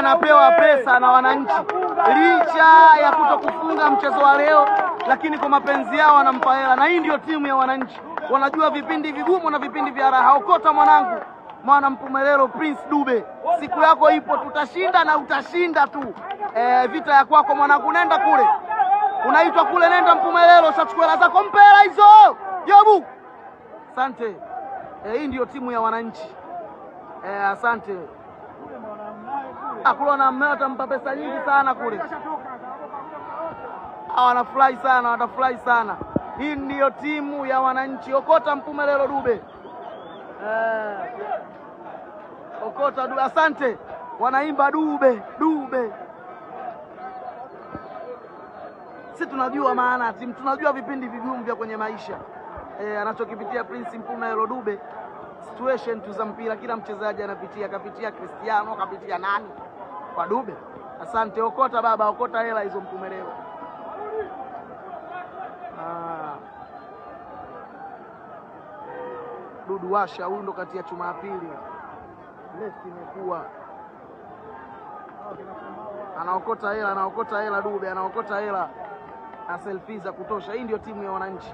anapewa pesa na wananchi licha ya kutokufunga mchezo wa leo, lakini kwa mapenzi yao wanampa hela, na hii ndio timu ya wananchi. Wanajua vipindi vigumu na vipindi vya raha. Okota mwanangu, mwana Mpumelelo, Prince Dube, siku yako ipo, tutashinda na utashinda tu. E, vita ya kwako mwanangu, nenda kule, unaitwa kule, nenda Mpumelelo, shachukua hela zako, mpe hela hizo Jobu. Asante. E, hii ndiyo timu ya wananchi. E, asante. Akula na mmeo atampa pesa nyingi sana kule. Wanafurahi sana, watafurahi sana. Hii ndiyo timu ya wananchi. Okota Mpumelelo Dube, eh, Okota Dube, asante. Wanaimba Dube Dube. Si tunajua maana timu, tunajua vipindi vigumu vya kwenye maisha eh, anachokipitia Prince Mpumelelo Dube situation tu za mpira kila mchezaji anapitia, kapitia Cristiano, kapitia nani kwa Dube. Asante, okota baba, okota hela hizo, Mpumelelo. Ah. dudu washa, huyu ndo kati ya pili left imekuwa anaokota hela, anaokota hela Dube, anaokota hela na selfie za kutosha. Hii ndio timu ya wananchi.